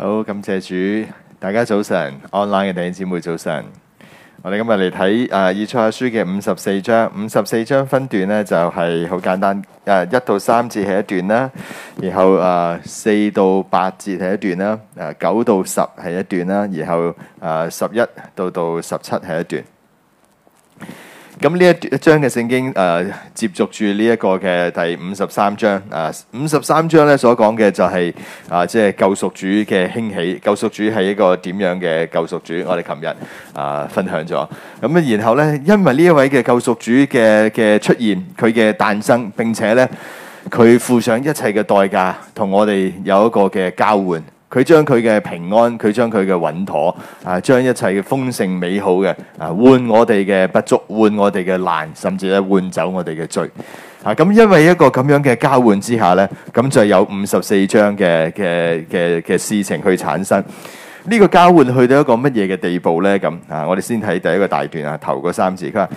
好，感謝主，大家早晨，Online 嘅弟兄姊妹早晨。我哋今日嚟睇誒以賽亞書嘅五十四章，五十四章分段呢，就係、是、好簡單，誒、呃、一到三節係一段啦，然後誒四、呃、到八節係一段啦，誒、呃、九到十係一段啦，然後誒十一到到十七係一段。咁呢一章嘅聖經誒、呃，接續住呢一個嘅第五十三章啊，五十三章呢所講嘅就係、是、啊，即、呃、係、就是、救贖主嘅興起，救贖主係一個點樣嘅救贖主？我哋琴日啊分享咗。咁然後呢，因為呢一位嘅救贖主嘅嘅出現，佢嘅誕生，並且呢，佢付上一切嘅代價，同我哋有一個嘅交換。佢將佢嘅平安，佢將佢嘅穩妥，啊，將一切嘅豐盛美好嘅，啊，換我哋嘅不足，換我哋嘅難，甚至咧換走我哋嘅罪，啊，咁因為一個咁樣嘅交換之下呢，咁就有五十四章嘅嘅嘅嘅事情去產生。呢個交換去到一個乜嘢嘅地步呢？咁啊，我哋先睇第一個大段啊，頭嗰三字佢話。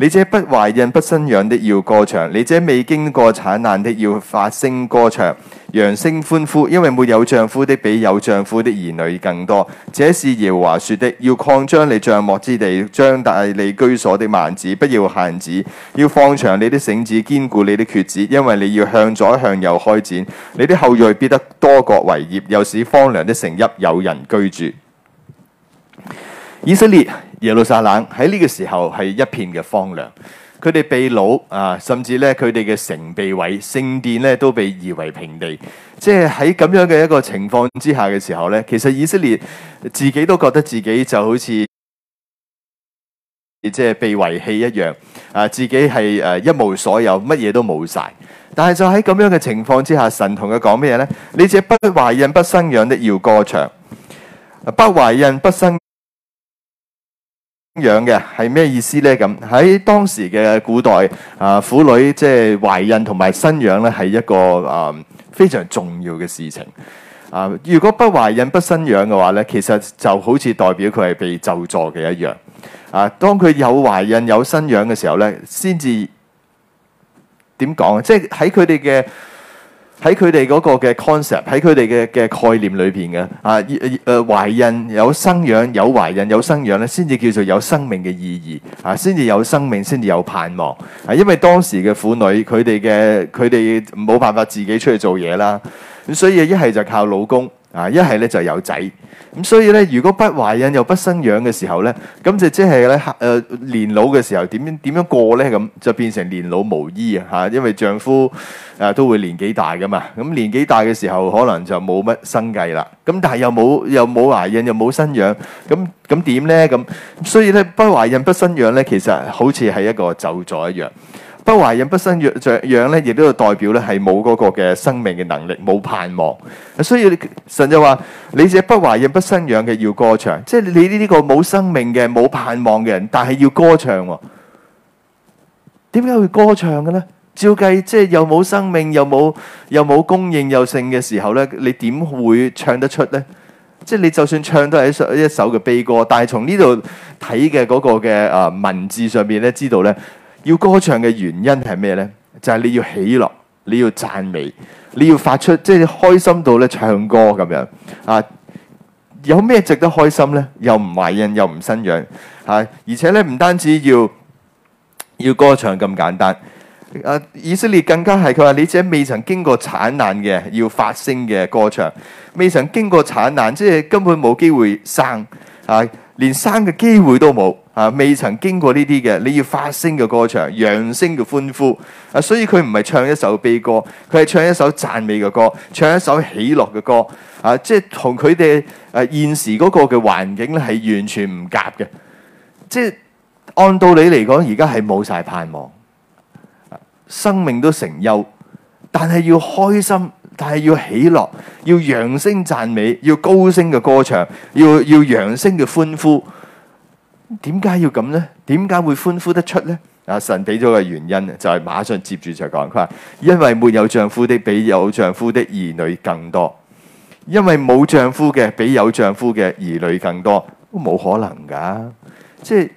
你這不懷孕不生養的要歌唱，你這未經過產難的要發聲歌唱，揚聲歡呼，因為沒有丈夫的比有丈夫的兒女更多。這是耶和華說的，要擴張你帳幕之地，張大你居所的幔子，不要限止。要放長你的繩子，堅固你的橛子，因為你要向左向右開展，你的後裔必得多國為業，又使荒涼的城邑有人居住。以色列，耶路撒冷喺呢個時候係一片嘅荒涼，佢哋被擄啊，甚至咧佢哋嘅城被毀，聖殿呢都被夷為平地。即係喺咁樣嘅一個情況之下嘅時候呢，其實以色列自己都覺得自己就好似即係被遺棄一樣啊，自己係誒一無所有，乜嘢都冇晒。但係就喺咁樣嘅情況之下，神同佢講咩嘢呢？「你這不懷孕不生養的要歌唱，不懷孕不生。養嘅係咩意思呢？咁喺當時嘅古代，啊、呃，婦女即係懷孕同埋生養呢，係一個啊、呃、非常重要嘅事情。啊、呃，如果不懷孕不生養嘅話呢，其實就好似代表佢係被咒詛嘅一樣。啊、呃，當佢有懷孕有生養嘅時候呢，先至點講啊？即係喺佢哋嘅。喺佢哋嗰個嘅 concept，喺佢哋嘅嘅概念裏邊嘅啊，誒懷孕有生養有懷孕有生養咧，先至叫做有生命嘅意義，啊，先至有生命，先至有盼望，啊，因為當時嘅婦女佢哋嘅佢哋冇辦法自己出去做嘢啦，咁所以一係就靠老公。啊！一係咧就有仔咁，所以咧如果不懷孕又不生養嘅時候咧，咁就即係咧誒，年老嘅時候點點樣過咧？咁就變成年老無依啊！吓，因為丈夫誒都會年紀大噶嘛，咁年紀大嘅時候可能就冇乜生計啦。咁但係又冇又冇懷孕又冇生養，咁咁點咧？咁所以咧不懷孕不生養咧，其實好似係一個咒詛一樣。不懷孕不生養，養咧亦都代表咧係冇嗰個嘅生命嘅能力，冇盼望。所以神就話：你隻不懷孕不生養嘅要歌唱，即係你呢呢個冇生命嘅，冇盼望嘅人，但係要歌唱。點解會歌唱嘅咧？照計即係又冇生命，又冇又冇供應又剩嘅時候咧，你點會唱得出咧？即係你就算唱都係一首嘅悲歌，但係從呢度睇嘅嗰個嘅啊文字上面咧知道咧。要歌唱嘅原因係咩呢？就係、是、你要喜樂，你要讚美，你要發出，即係開心到咧唱歌咁樣啊！有咩值得開心呢？又唔懷孕，又唔生養吓、啊，而且咧唔單止要要歌唱咁簡單、啊，以色列更加係佢話你自己未曾經過產難嘅要發聲嘅歌唱，未曾經過產難，即係根本冇機會生吓。啊連生嘅機會都冇啊！未曾經過呢啲嘅，你要發聲嘅歌唱，揚聲嘅歡呼啊！所以佢唔係唱一首悲歌，佢係唱一首讚美嘅歌，唱一首喜樂嘅歌啊！即係同佢哋誒現時嗰個嘅環境咧係完全唔夾嘅，即係按道理嚟講，而家係冇晒盼望，啊，生命都成憂，但係要開心。但係要喜樂，要揚聲讚美，要高聲嘅歌唱，要要揚聲嘅歡呼。點解要咁呢？點解會歡呼得出呢？阿神俾咗個原因，就係馬上接住就講，佢話：因為沒有丈夫的，比有丈夫的兒女更多；因為冇丈夫嘅，比有丈夫嘅兒女更多。都冇可能噶，即係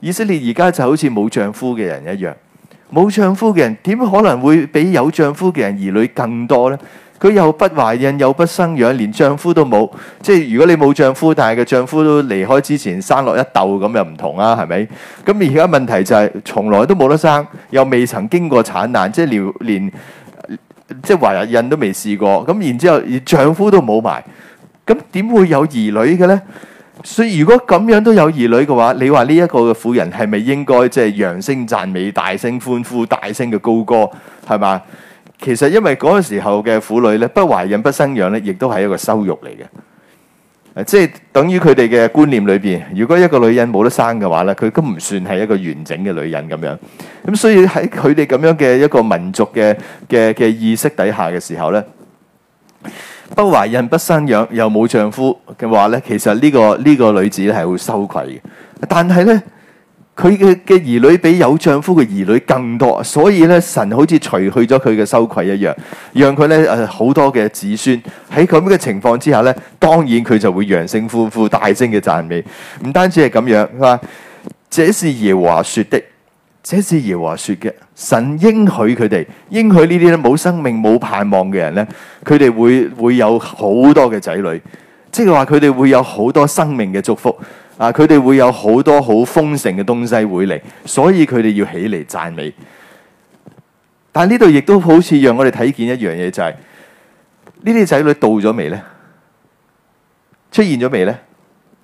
以色列而家就好似冇丈夫嘅人一樣。冇丈夫嘅人點可能會比有丈夫嘅人兒女更多呢？佢又不懷孕，又不生養，連丈夫都冇。即係如果你冇丈夫，但係個丈夫都離開之前生落一竇咁又唔同啦，係咪？咁而家問題就係，從來都冇得生，又未曾經過產難，即係連連即係懷孕都未試過。咁然之後，而丈夫都冇埋，咁點會有兒女嘅呢？所以如果咁樣都有兒女嘅話，你話呢一個嘅婦人係咪應該即係揚聲讚美、大聲歡呼、大聲嘅高歌係嘛？其實因為嗰個時候嘅婦女咧，不懷孕不生養咧，亦都係一個羞辱嚟嘅。即係等於佢哋嘅觀念裏邊，如果一個女人冇得生嘅話咧，佢都唔算係一個完整嘅女人咁樣。咁所以喺佢哋咁樣嘅一個民族嘅嘅嘅意識底下嘅時候咧。不懷孕不生養又冇丈夫嘅話呢，其實呢個呢個女子咧係會羞愧嘅。但係呢，佢嘅嘅兒女比有丈夫嘅兒女更多，所以呢，神好似除去咗佢嘅羞愧一樣，讓佢呢好多嘅子孫，喺咁嘅情況之下呢，當然佢就會揚聲呼呼，大聲嘅讚美。唔單止係咁樣，係、就、嘛、是？這是耶和華說的，這是耶和華說嘅。神應許佢哋，應許呢啲咧冇生命冇盼望嘅人咧，佢哋會會有好多嘅仔女，即係話佢哋會有好多生命嘅祝福啊！佢哋會有好多好豐盛嘅東西會嚟，所以佢哋要起嚟讚美。但係呢度亦都好似讓我哋睇見一樣嘢，就係呢啲仔女到咗未咧？出現咗未咧？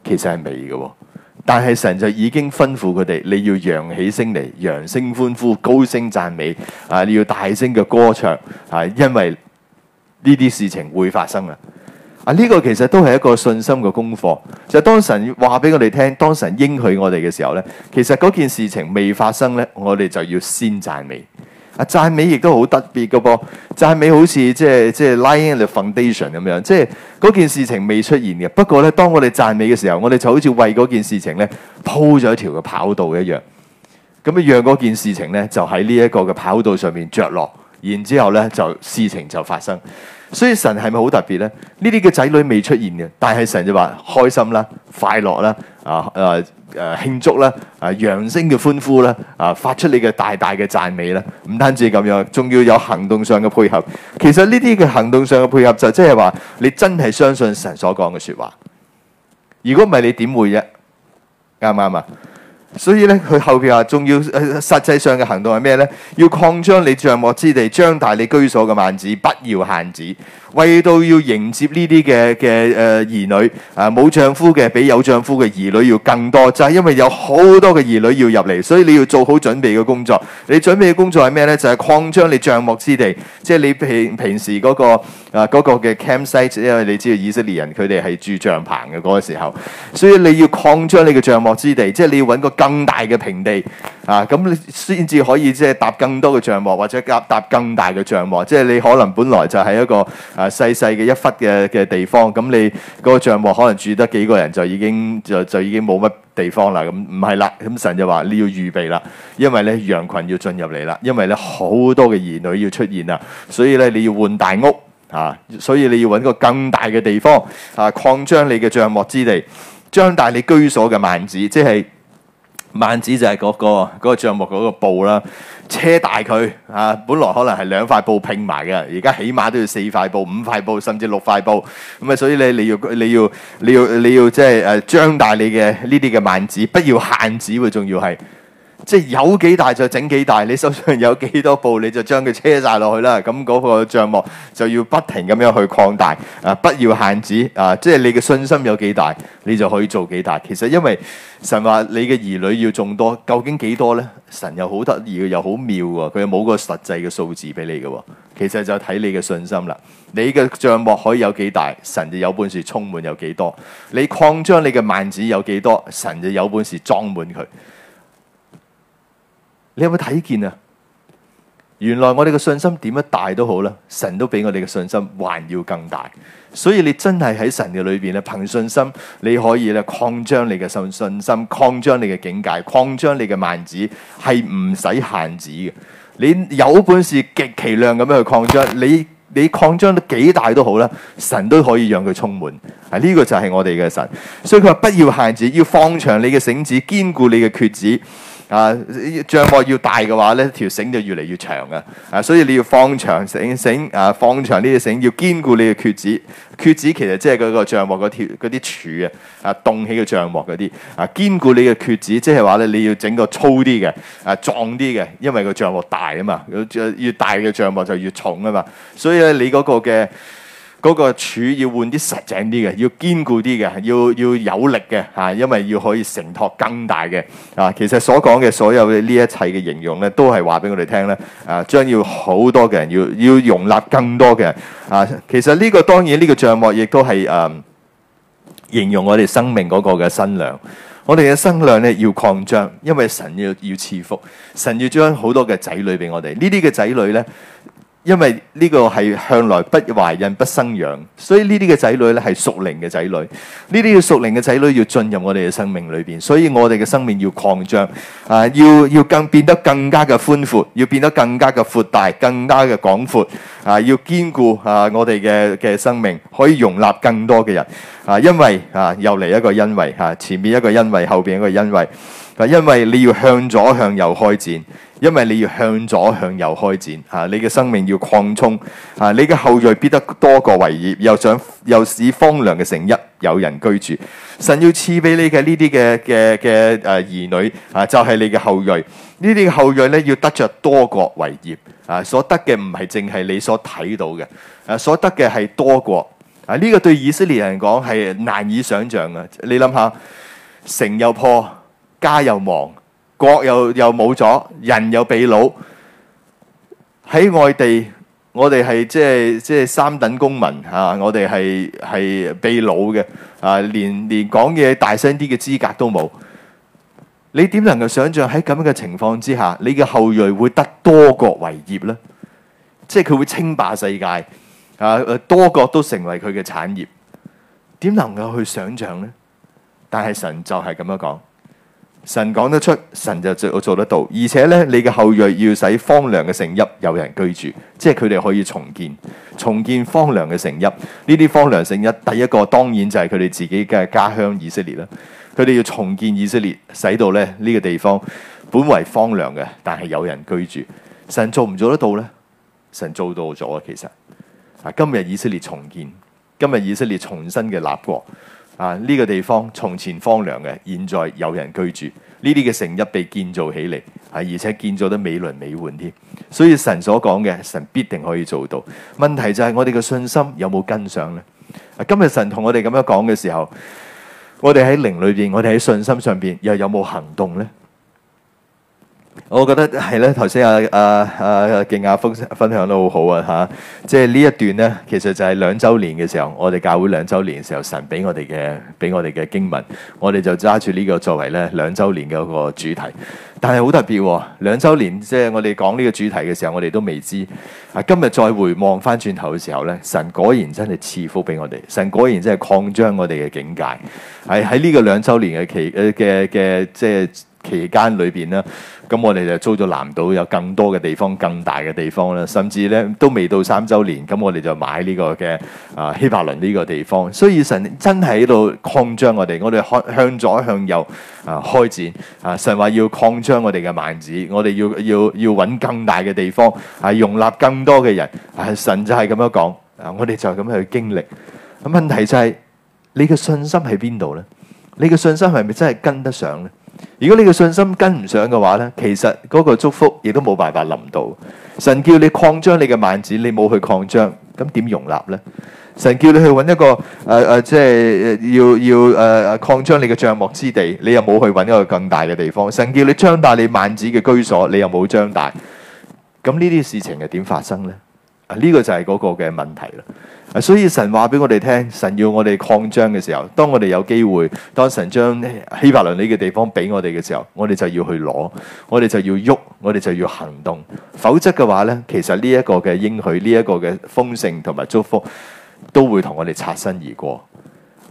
其實係未嘅。但係神就已經吩咐佢哋，你要揚起聲嚟，揚聲歡呼，高聲讚美啊！你要大聲嘅歌唱啊！因為呢啲事情會發生啊！呢個其實都係一個信心嘅功課。就係當神話俾我哋聽，當神應許我哋嘅時候呢，其實嗰件事情未發生呢，我哋就要先讚美。啊，讚美亦都好特別㗎噃，讚美好似即係即係 laying the foundation 咁樣，即係嗰件事情未出現嘅。不過呢，當我哋讚美嘅時候，我哋就好似為嗰件事情呢鋪咗一條嘅跑道一樣。咁啊，讓嗰件事情呢，就喺呢一個嘅跑道上面着落，然之後呢，就事情就發生。所以神係咪好特別咧？呢啲嘅仔女未出現嘅，但係神就話開心啦、快樂啦、啊、誒、啊、誒慶祝啦、啊揚聲嘅歡呼啦、啊發出你嘅大大嘅讚美啦，唔單止咁樣，仲要有行動上嘅配合。其實呢啲嘅行動上嘅配合就即係話，你真係相信神所講嘅說話。如果唔係，你點會啫？啱唔啱啊？所以咧，佢後邊話仲要、呃，實際上嘅行動係咩咧？要擴張你帳幕之地，張大你居所嘅幔子，不要限止，為到要迎接呢啲嘅嘅誒兒女啊，冇、呃、丈夫嘅比有丈夫嘅兒女要更多，就係、是、因為有好多嘅兒女要入嚟，所以你要做好準備嘅工作。你準備嘅工作係咩咧？就係、是、擴張你帳幕之地，即係你平平時嗰、那個。啊！嗰個嘅 campsite，因為你知道以色列人佢哋係住帳棚嘅嗰個時候，所以你要擴張你嘅帳幕之地，即係你要揾個更大嘅平地啊！咁你先至可以即係搭更多嘅帳幕，或者搭搭更大嘅帳幕。即係你可能本來就係一個啊細細嘅一忽嘅嘅地方，咁你嗰個帳幕可能住得幾個人就已經就就已經冇乜地方啦。咁唔係啦，咁神就話你要預備啦，因為咧羊群要進入嚟啦，因為咧好多嘅兒女要出現啦，所以咧你要換大屋。啊，所以你要揾個更大嘅地方啊，擴張你嘅帳幕之地，張大你居所嘅幔子，即係幔子就係嗰個嗰個帳幕嗰個布啦，車大佢啊，本來可能係兩塊布拼埋嘅，而家起碼都要四塊布、五塊布，甚至六塊布咁啊。所以你你要你要你要你要即係誒張大你嘅呢啲嘅幔子，不要限止喎，仲要係。即係有幾大就整幾大，你手上有幾多布，你就將佢車晒落去啦。咁嗰個帳幕就要不停咁樣去擴大啊，不要限制啊。即係你嘅信心有幾大，你就可以做幾大。其實因為神話你嘅兒女要眾多，究竟幾多呢？神又好得意，又好妙喎，啊。佢冇個實際嘅數字俾你嘅。其實就睇你嘅信心啦。你嘅帳幕可以有幾大，神就有本事充滿有幾多。你擴張你嘅幔子有幾多，神就有本事裝滿佢。你有冇睇見啊？原來我哋嘅信心點樣大都好啦，神都比我哋嘅信心還要更大。所以你真係喺神嘅裏邊咧，憑信心你可以咧擴張你嘅信信心，擴張你嘅境界，擴張你嘅幔子係唔使限止嘅。你有本事極其量咁樣去擴張，你你擴張到幾大都好啦，神都可以讓佢充滿。啊，呢個就係我哋嘅神。所以佢話不要限止，要放長你嘅繩子，堅固你嘅橛子。啊，帳幕要大嘅話咧，條繩就越嚟越長啊！啊，所以你要放長繩，繩，繩啊放長啲嘅繩，要堅固你嘅橛子。橛子其實即係嗰個帳幕嗰條嗰啲柱啊，啊棟起個帳幕嗰啲啊，堅固你嘅橛子，即係話咧你要整個粗啲嘅啊，壯啲嘅，因為個帳幕大啊嘛，越大嘅帳幕就越重啊嘛，所以咧你嗰個嘅。嗰個柱要換啲實淨啲嘅，要堅固啲嘅，要要有力嘅嚇、啊，因為要可以承托更大嘅。啊，其實所講嘅所有呢一切嘅形容咧，都係話俾我哋聽咧。啊，將要好多嘅人要要容納更多嘅人。啊，其實呢、呢個當然呢個帳幕亦都係誒形容我哋生命嗰個嘅身量。我哋嘅身量咧要擴張，因為神要要賜福，神要將好多嘅仔女俾我哋。呢啲嘅仔女咧。因為呢個係向來不懷孕不生養，所以呢啲嘅仔女咧係屬靈嘅仔女。呢啲要屬靈嘅仔女要進入我哋嘅生命裏邊，所以我哋嘅生命要擴張啊，要要更變得更加嘅寬闊，要變得更加嘅闊大，更加嘅廣闊啊，要兼顧啊我哋嘅嘅生命可以容納更多嘅人啊。因為啊，又嚟一個因為吓，前面一個因為，後邊一個因為。因為你要向左向右開展，因為你要向左向右開展，啊，你嘅生命要擴充啊，你嘅後裔必得多國為業，又想又使荒涼嘅城邑有人居住。神要賜俾你嘅呢啲嘅嘅嘅誒兒女啊，就係、是、你嘅後，後裔呢啲後裔咧，要得着多國為業啊，所得嘅唔係淨係你所睇到嘅啊，所得嘅係多國啊。呢、這個對以色列人講係難以想象嘅。你諗下，城又破。家又亡，國又又冇咗，人又被擄喺外地。我哋係即係即係三等公民啊！我哋係係被擄嘅啊，連連講嘢大聲啲嘅資格都冇。你點能夠想象喺咁樣嘅情況之下，你嘅後裔會得多國為業呢？即係佢會稱霸世界啊！誒，多國都成為佢嘅產業，點能夠去想象呢？但係神就係咁樣講。神講得出，神就做做得到，而且咧，你嘅後裔要使荒涼嘅城邑有人居住，即係佢哋可以重建、重建荒涼嘅城邑。呢啲荒涼城邑，第一個當然就係佢哋自己嘅家鄉以色列啦。佢哋要重建以色列，使到咧呢個地方本為荒涼嘅，但係有人居住。神做唔做得到呢？神做到咗啊！其實今日以色列重建，今日以色列重新嘅立國。啊！呢、這個地方從前荒涼嘅，現在有人居住。呢啲嘅城邑被建造起嚟，係、啊、而且建造得美輪美奐添。所以神所講嘅，神必定可以做到。問題就係我哋嘅信心有冇跟上呢？啊、今日神同我哋咁樣講嘅時候，我哋喺靈裏邊，我哋喺信心上邊，又有冇行動呢？我覺得係咧，頭先阿阿阿敬亞福分享都好好啊嚇！即係呢一段呢，其實就係兩週年嘅時候，我哋教會兩週年嘅時候，神俾我哋嘅俾我哋嘅經文，我哋就揸住呢個作為咧兩週年嘅一個主題。但係好特別、啊，兩週年即係我哋講呢個主題嘅時候，我哋都未知、啊。今日再回望返轉頭嘅時候呢，神果然真係賜福俾我哋，神果然真係擴張我哋嘅境界。喺喺呢個兩週年嘅期嘅嘅、呃、即係。期間裏邊咧，咁我哋就租咗南島有更多嘅地方，更大嘅地方啦。甚至咧都未到三週年，咁我哋就買呢個嘅啊希伯倫呢個地方。所以神真係喺度擴張我哋，我哋向向左向右啊開展啊。神話要擴張我哋嘅幔子，我哋要要要搵更大嘅地方，啊容納更多嘅人。啊神就係咁樣講啊，我哋就係咁樣去經歷。咁、啊、問題就係、是、你嘅信心喺邊度咧？你嘅信心係咪真係跟得上咧？如果你嘅信心跟唔上嘅話呢，其實嗰個祝福亦都冇辦法臨到。神叫你擴張你嘅幔子，你冇去擴張，咁點容納呢？神叫你去揾一個誒誒、呃呃，即係要要誒誒擴張你嘅帳幕之地，你又冇去揾一個更大嘅地方。神叫你張大你幔子嘅居所，你又冇張大，咁呢啲事情又點發生呢？呢個就係嗰個嘅問題啦。所以神話俾我哋聽，神要我哋擴張嘅時候，當我哋有機會，當神將希伯倫呢個地方俾我哋嘅時候，我哋就要去攞，我哋就要喐，我哋就要行動。否則嘅話呢，其實呢一個嘅應許，呢一個嘅豐盛同埋祝福，都會同我哋擦身而過。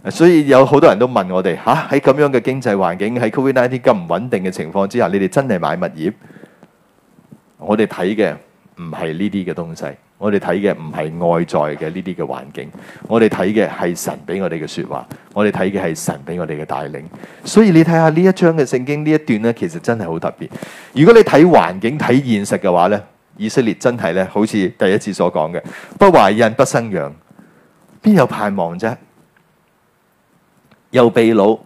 所以有好多人都問我哋：吓喺咁樣嘅經濟環境，喺 Covid nineteen 咁唔穩定嘅情況之下，你哋真係買物業？我哋睇嘅唔係呢啲嘅東西。我哋睇嘅唔係外在嘅呢啲嘅環境，我哋睇嘅係神俾我哋嘅説話，我哋睇嘅係神俾我哋嘅帶領。所以你睇下呢一章嘅聖經呢一段呢，其實真係好特別。如果你睇環境，睇現實嘅話呢，以色列真係呢，好似第一次所講嘅，不懷孕，不生養，邊有盼望啫？又被擄，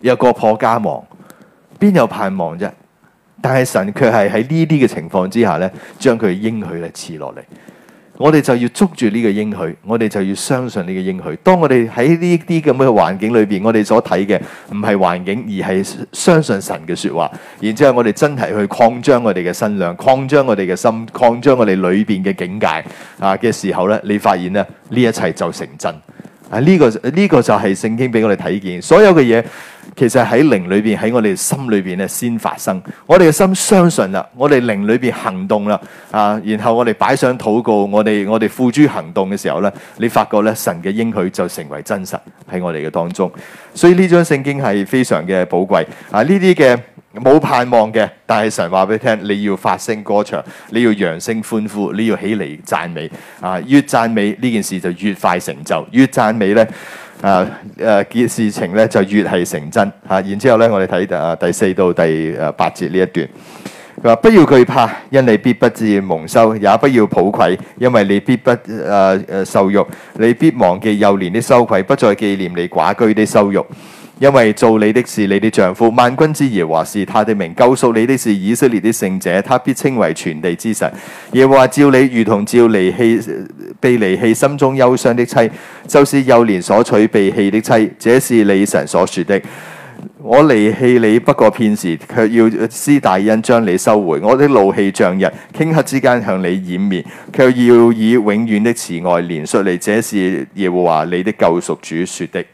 又國破家亡，邊有盼望啫？但係神卻係喺呢啲嘅情況之下呢，將佢嘅應許咧賜落嚟。我哋就要捉住呢個應許，我哋就要相信呢個應許。當我哋喺呢啲咁嘅環境裏邊，我哋所睇嘅唔係環境，而係相信神嘅説話。然之後，我哋真係去擴張我哋嘅身量，擴張我哋嘅心，擴張我哋裏邊嘅境界啊嘅時候咧，你發現咧呢一切就成真。啊！呢個呢個就係聖經俾我哋睇見，所有嘅嘢其實喺靈裏邊，喺我哋心裏邊咧先發生。我哋嘅心相信啦，我哋靈裏邊行動啦，啊，然後我哋擺上禱告，我哋我哋付諸行動嘅時候咧，你發覺咧神嘅應許就成為真實喺我哋嘅當中。所以呢張聖經係非常嘅寶貴。啊，呢啲嘅。冇盼望嘅，但係神話俾你聽，你要發聲歌唱，你要揚聲歡呼，你要起嚟讚美。啊，越讚美呢件事就越快成就，越讚美呢，啊誒、啊、件事情呢就越係成真。啊，然之後咧，我哋睇、啊、第四到第八節呢一段。佢話 不要懼怕，因你必不至蒙羞；也不要抱愧，因為你必不誒誒受辱。你必忘記幼年的羞愧，不再紀念你寡居的羞辱。因為做你的是你的丈夫，萬軍之耶華是他的名，救贖你的是以色列的聖者，他必稱為全地之神。耶和華照你如同照離棄被離棄、心中憂傷的妻，就是幼年所娶被棄的妻，這是你神所說的。我離棄你不過片時，卻要施大恩將你收回。我的怒氣像日，頃刻之間向你掩面，卻要以永遠的慈愛憐恤你。這是耶和華你的救贖主說的。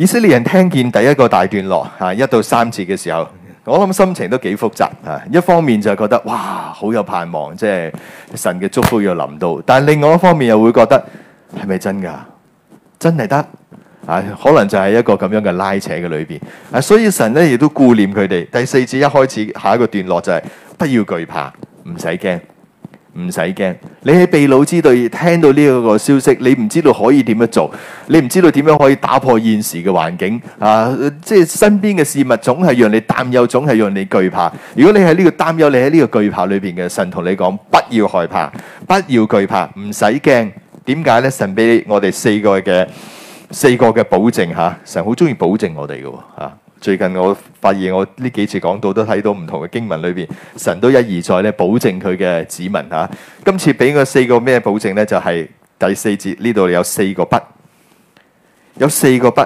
以色列人聽見第一個大段落吓一到三節嘅時候，我諗心情都幾複雜吓。一方面就係覺得哇，好有盼望，即係神嘅祝福要臨到；但另外一方面又會覺得係咪真㗎？真係得啊？可能就係一個咁樣嘅拉扯嘅裏邊啊。所以神咧亦都顧念佢哋。第四節一開始下一個段落就係、是、不要懼怕，唔使驚。唔使驚，你喺秘魯之隊聽到呢一個消息，你唔知道可以點樣做，你唔知道點樣可以打破現時嘅環境啊！即係身邊嘅事物總係讓你擔憂，總係讓你懼怕。如果你喺呢個擔憂，你喺呢個懼怕裏邊嘅神同你講，不要害怕，不要懼怕，唔使驚。點解呢？神俾我哋四個嘅四個嘅保證吓、啊，神好中意保證我哋嘅吓。啊最近我發現我呢幾次講到都睇到唔同嘅經文裏邊，神都一而再咧保證佢嘅子民嚇、啊。今次俾我四個咩保證呢？就係、是、第四節呢度有四個不，有四個不。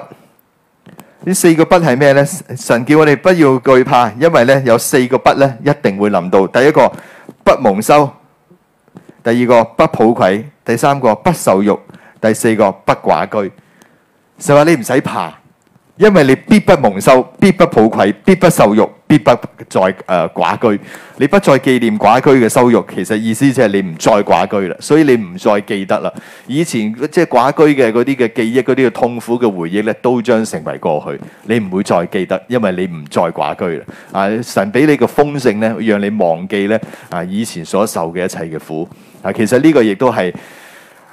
呢四個不係咩呢？神叫我哋不要懼怕，因為呢有四個不呢，一定會臨到。第一個不蒙羞，第二個不抱愧，第三個不受辱，第四個不寡居。就話你唔使怕。因為你必不蒙羞，必不抱愧，必不受辱，必不再誒寡居。你不再記念寡居嘅羞辱，其實意思即係你唔再寡居啦，所以你唔再記得啦。以前即係寡居嘅嗰啲嘅記憶，嗰啲嘅痛苦嘅回憶咧，都將成為過去。你唔會再記得，因為你唔再寡居啦。啊，神俾你嘅豐盛咧，讓你忘記咧啊以前所受嘅一切嘅苦啊。其實呢個亦都係。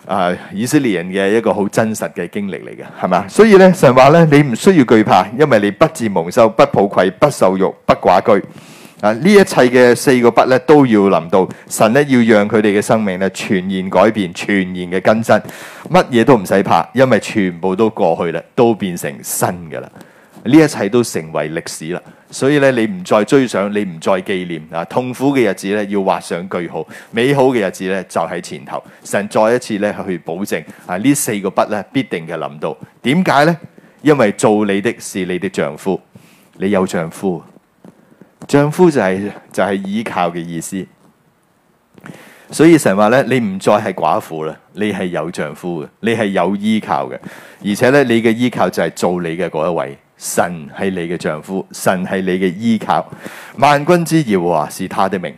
啊！以色列人嘅一個好真實嘅經歷嚟嘅，係嘛？所以咧，神話咧，你唔需要懼怕，因為你不致蒙羞、不抱愧、不受辱、不寡居。啊！呢一切嘅四個不咧，都要臨到神咧，要讓佢哋嘅生命咧，全然改變、全然嘅更新，乜嘢都唔使怕，因為全部都過去啦，都變成新嘅啦，呢一切都成為歷史啦。所以咧，你唔再追想，你唔再紀念啊！痛苦嘅日子咧，要畫上句號；美好嘅日子咧，就喺前頭。神再一次咧去保證啊！呢四個不咧必定嘅臨到。點解咧？因為造你的是你的丈夫，你有丈夫，丈夫就係、是、就係、是、依靠嘅意思。所以神話咧，你唔再係寡婦啦，你係有丈夫嘅，你係有依靠嘅，而且咧，你嘅依靠就係造你嘅嗰一位。神係你嘅丈夫，神係你嘅依靠。萬軍之耶和華是他的名。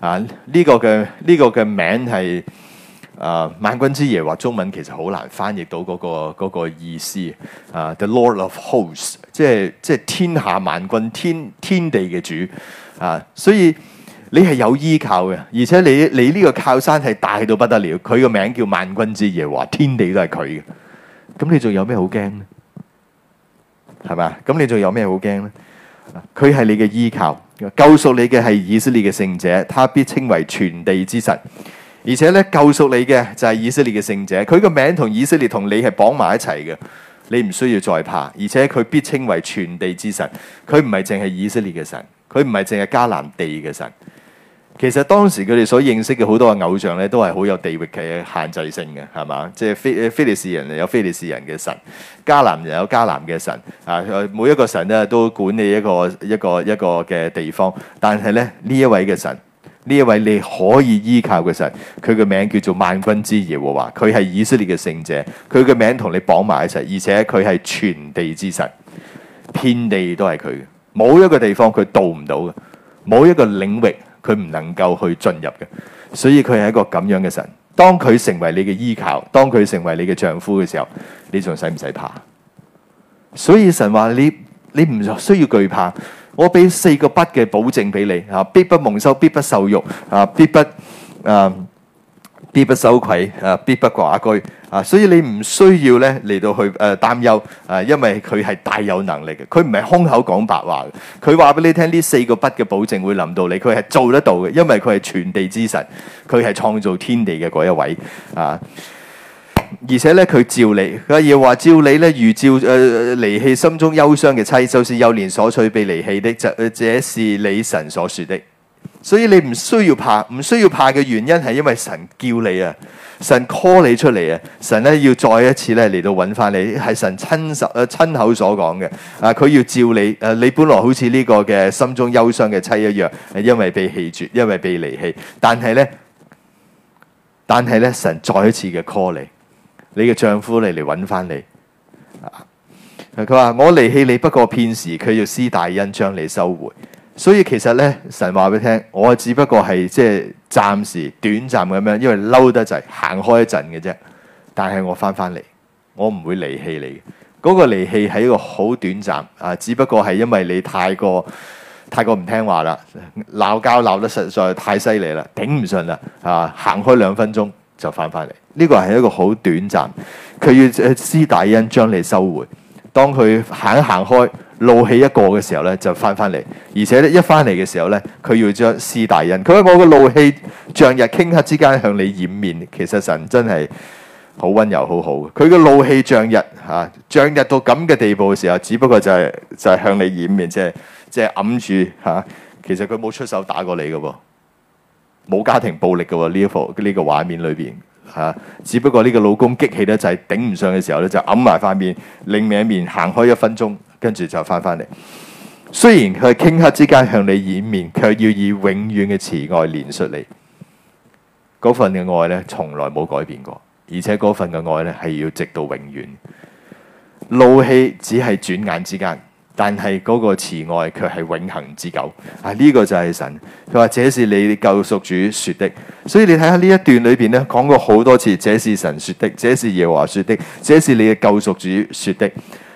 啊，呢、呢個嘅呢、呢個嘅名係啊萬軍之耶和華。中文其實好難翻譯到嗰、嗰個、嗰個意思。啊，The Lord of hosts，即係即係天下萬軍天天地嘅主。啊，所以你係有依靠嘅，而且你你呢個靠山係大到不得了。佢個名叫萬軍之耶和華，天地都係佢嘅。咁你仲有咩好驚咧？係嘛？咁你仲有咩好驚呢？佢係你嘅依靠，救贖你嘅係以色列嘅聖者，他必稱為全地之神。而且咧，救贖你嘅就係以色列嘅聖者，佢個名同以色列同你係綁埋一齊嘅，你唔需要再怕。而且佢必稱為全地之神，佢唔係淨係以色列嘅神，佢唔係淨係迦南地嘅神。其實當時佢哋所認識嘅好多偶像咧，都係好有地域嘅限制性嘅，係嘛？即係腓腓利士人有腓利士人嘅神，迦南人有迦南嘅神啊。每一個神咧都管理一個一個一個嘅地方，但係咧呢一位嘅神，呢一位你可以依靠嘅神，佢嘅名叫做萬軍之耶和華。佢係以色列嘅聖者，佢嘅名同你綁埋一齊，而且佢係全地之神，遍地都係佢嘅，冇一個地方佢到唔到嘅，冇一個領域。佢唔能夠去進入嘅，所以佢係一個咁樣嘅神。當佢成為你嘅依靠，當佢成為你嘅丈夫嘅時候，你仲使唔使怕？所以神話你，你唔需要懼怕，我俾四個不嘅保證俾你啊，必不蒙羞，必不受辱，啊，必不啊。必不羞愧，啊！必不寡居，啊！所以你唔需要咧嚟到去，誒，擔憂，啊！因為佢係大有能力嘅，佢唔係空口講白話，佢話俾你聽呢四個不嘅保證會臨到你，佢係做得到嘅，因為佢係全地之神，佢係創造天地嘅嗰一位，啊！而且咧佢照你，佢要話照你咧如照誒、呃、離棄心中憂傷嘅妻，就是幼年所娶被離棄的，就誒、呃、這是你神所說的。所以你唔需要怕，唔需要怕嘅原因係因為神叫你啊，神 call 你出嚟啊，神咧要再一次咧嚟到揾翻你，係神親手誒親口所講嘅啊，佢要召你誒，你本來好似呢個嘅心中憂傷嘅妻一樣，係因為被棄絕，因為被離棄，但係咧，但係咧神再一次嘅 call 你，你嘅丈夫嚟嚟揾翻你啊，佢話我離棄你不過片時，佢要施大恩將你收回。所以其實咧，神話俾你聽，我只不過係即係暫時短暫咁樣，因為嬲得滯，行開一陣嘅啫。但係我翻翻嚟，我唔會離棄你。嗰、嗰個離棄係一個好短暫啊，只不過係因為你太過太過唔聽話啦，鬧交鬧得實在太犀利啦，頂唔順啦啊，行開兩分鐘就翻翻嚟。呢個係一個好短暫，佢要施大恩將你收回。當佢行一行開，怒氣一過嘅時候呢，就翻翻嚟，而且呢，一翻嚟嘅時候呢，佢要將施大恩。佢話我嘅怒氣漲溢頃刻之間向你掩面，其實神真係好溫柔，好好。佢嘅怒氣漲溢吓，漲、啊、溢到咁嘅地步嘅時候，只不過就係、是、就係、是、向你掩面，即係即係揞住吓。其實佢冇出手打過你嘅，冇、啊、家庭暴力嘅呢一幅呢個畫、這個、面裏邊吓、啊，只不過呢個老公激氣咧就係頂唔上嘅時候呢，就揞埋塊面，擰歪面行開一分鐘。跟住就翻翻嚟。雖然佢係頃刻之間向你掩面，卻要以永遠嘅慈愛憐恤你嗰份嘅愛呢，從來冇改變過。而且嗰份嘅愛呢，係要直到永遠。怒氣只係轉眼之間，但係嗰個慈愛卻係永恆之久。啊！呢、這個就係神。佢話：這是你救贖主説的。所以你睇下呢一段裏邊呢，講過好多次，這是神説的，這是耶和華説的，這是你嘅救贖主説的。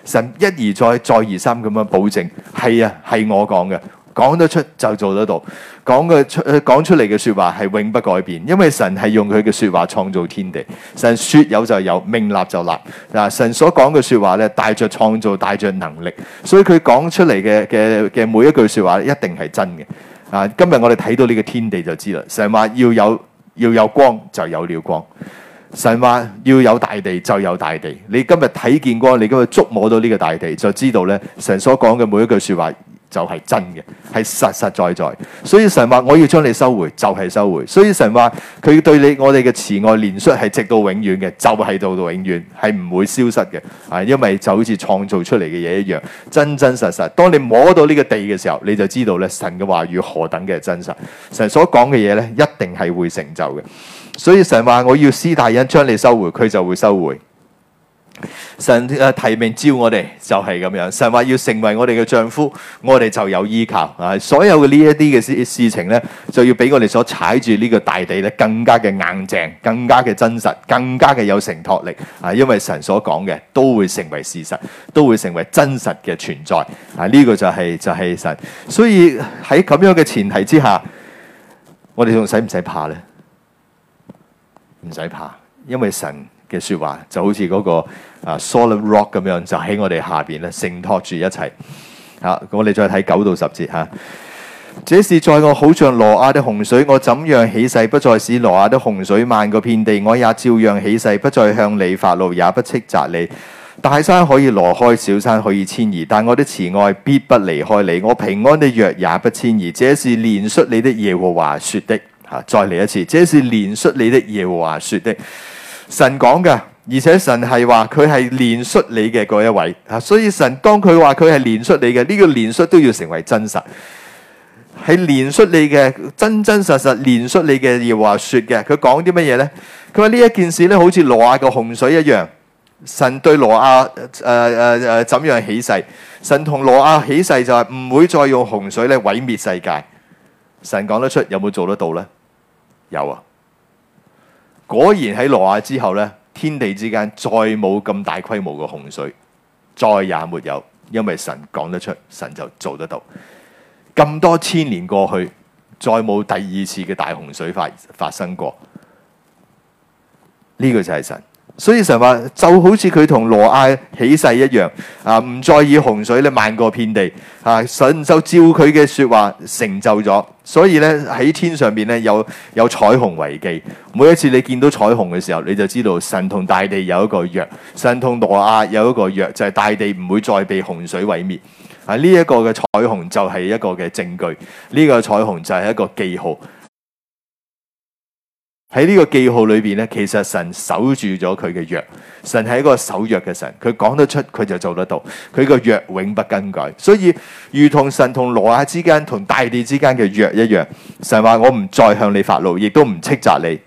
神一而再、再而三咁樣保證，係啊，係我講嘅，講得出就做得到，講嘅出講出嚟嘅說話係永不改變，因為神係用佢嘅說話創造天地，神說有就有，命立就立。嗱、啊，神所講嘅說話咧，帶着創造，帶着能力，所以佢講出嚟嘅嘅嘅每一句說話一定係真嘅。啊，今日我哋睇到呢個天地就知啦，神話要有要有光就有了光。神話要有大地，就有大地，你今日睇見光，你今日觸摸到呢個大地，就知道咧，神所講嘅每一句說話就係真嘅，係實實在在。所以神話我要將你收回就係收回。所以神話佢對你我哋嘅慈愛憐恤係直到永遠嘅，就係到到永遠，係唔會消失嘅。啊，因為就好似創造出嚟嘅嘢一樣，真真實實。當你摸到呢個地嘅時候，你就知道咧，神嘅話語何等嘅真實。神所講嘅嘢咧，一定係會成就嘅。所以神話我要施大恩將你收回，佢就會收回。神誒提名召我哋，就係咁樣。神話要成為我哋嘅丈夫，我哋就有依靠啊！所有嘅呢一啲嘅事事情呢，就要俾我哋所踩住呢個大地咧，更加嘅硬淨，更加嘅真實，更加嘅有承托力啊！因為神所講嘅都會成為事實，都會成為真實嘅存在啊！呢個就係，就係神。所以喺咁樣嘅前提之下，我哋仲使唔使怕呢？唔使怕，因為神嘅説話就好似嗰個啊 solid rock 咁樣，就喺我哋下邊咧承托住一切。啊，我哋再睇九到十節嚇。這事在我好像挪亞的洪水，我怎樣起誓不再使挪亞的洪水漫過遍地，我也照樣起誓不再向你發怒，也不斥責你。大山可以挪開，小山可以遷移，但我的慈愛必不離開你，我平安的約也不遷移。這是憐恤你的耶和華說的。再嚟一次，這是憐恤你的耶和華說的，神講嘅，而且神係話佢係憐恤你嘅嗰一位啊！所以神當佢話佢係憐恤你嘅，呢個憐恤都要成為真實，係憐恤你嘅真真實實憐恤你嘅耶和華說嘅。佢講啲乜嘢呢？佢話呢一件事咧，好似羅亞嘅洪水一樣。神對羅亞誒誒誒怎樣起誓？神同羅亞起誓就係唔會再用洪水嚟毀滅世界。神講得出，有冇做得到呢？有啊，果然喺挪亞之後呢，天地之間再冇咁大規模嘅洪水，再也沒有。因為神講得出，神就做得到。咁多千年過去，再冇第二次嘅大洪水發發生過。呢、這個就係神。所以神話就好似佢同羅亞起誓一樣，啊唔再以洪水咧漫過遍地，啊神就照佢嘅說話成就咗。所以咧喺天上邊咧有有彩虹為記，每一次你見到彩虹嘅時候，你就知道神同大地有一個約，神同羅亞有一個約，就係、是、大地唔會再被洪水毀滅。啊呢一個嘅彩虹就係一個嘅證據，呢、這個彩虹就係一個記、這個、號。喺呢個記號裏邊咧，其實神守住咗佢嘅約，神係一個守約嘅神。佢講得出，佢就做得到，佢個約永不更改。所以，如同神同挪亞之間、同大地之間嘅約一樣，神話我唔再向你發怒，亦都唔斥責你。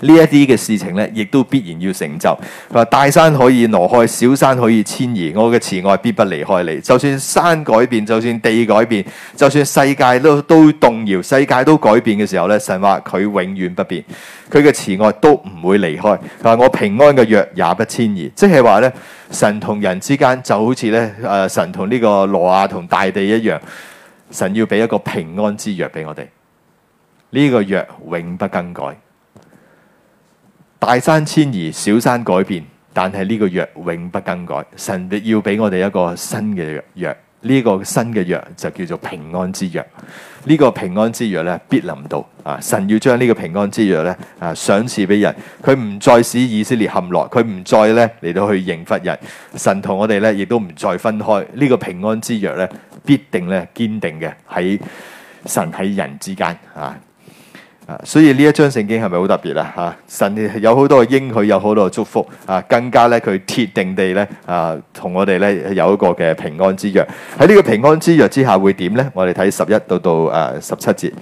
呢一啲嘅事情呢，亦都必然要成就。佢話大山可以挪開，小山可以遷移，我嘅慈愛必不離開你。就算山改變，就算地改變，就算世界都都動搖，世界都改變嘅時候呢，神話佢永遠不變，佢嘅慈愛都唔會離開。佢話我平安嘅約也不遷移，即係話呢，神同人之間就好似呢，誒、呃，神同呢個挪亞同大地一樣，神要俾一個平安之約俾我哋，呢、這個約永不更改。大山遷移，小山改變，但係呢個約永不更改。神要俾我哋一個新嘅約，呢、這個新嘅約就叫做平安之約。呢、這個平安之約咧，必臨到啊！神要將呢個平安之約咧啊，賞賜俾人。佢唔再使以色列陷落，佢唔再咧嚟到去刑罰人。神同我哋咧，亦都唔再分開。呢、這個平安之約咧，必定咧堅定嘅喺神喺人之間啊！啊、所以呢一張聖經係咪好特別啊？吓，神有好多嘅應許，有好多嘅祝福啊，更加咧，佢鐵定地咧啊，同我哋咧有一個嘅平安之約。喺呢個平安之約之下會點呢？我哋睇十一到到誒十七節。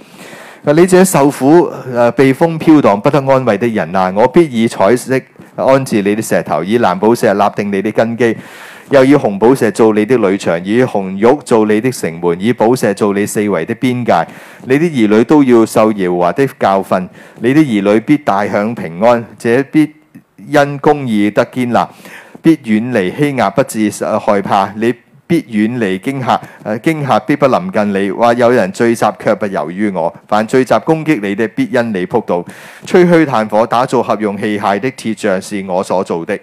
嗱、啊，你這受苦誒被、啊、風飄蕩不得安慰的人啊，我必以彩色安置你啲石頭，以藍寶石立定你啲根基。又要以紅寶石做你的女牆，以紅玉做你的城門，以寶石做你四圍的邊界。你的兒女都要受耶和華的教訓，你的兒女必大享平安。這必因公義得堅立，必遠離欺壓，不至害怕。你必遠離驚嚇，誒驚嚇必不臨近你。或有人聚集，卻不由於我。凡聚集攻擊你的，必因你仆倒。吹噓炭火，打造合用器械的鐵匠，是我所做的。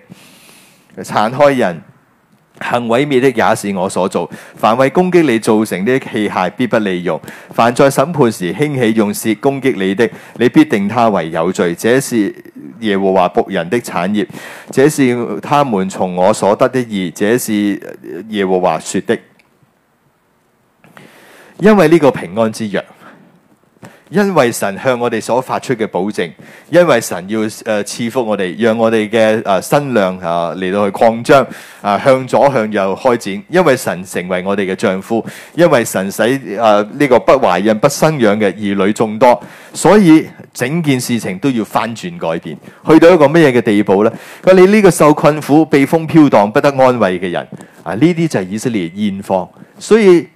殘害人，行毀滅的也是我所做，凡為攻擊你造成啲器械，必不利用，凡在審判時興起用舌攻擊你的，你必定他為有罪。這是耶和華僕人的產業，這是他們從我所得的義。這是耶和華說的，因為呢個平安之約。因為神向我哋所發出嘅保證，因為神要誒賜、呃、福我哋，讓我哋嘅誒身量啊嚟、呃、到去擴張啊、呃、向左向右開展。因為神成為我哋嘅丈夫，因為神使誒呢、呃這個不懷孕不生養嘅兒女眾多，所以整件事情都要翻轉改變。去到一個咩嘢嘅地步呢？咁你呢個受困苦被風飄蕩不得安慰嘅人啊，呢啲就係以色列現況，所以。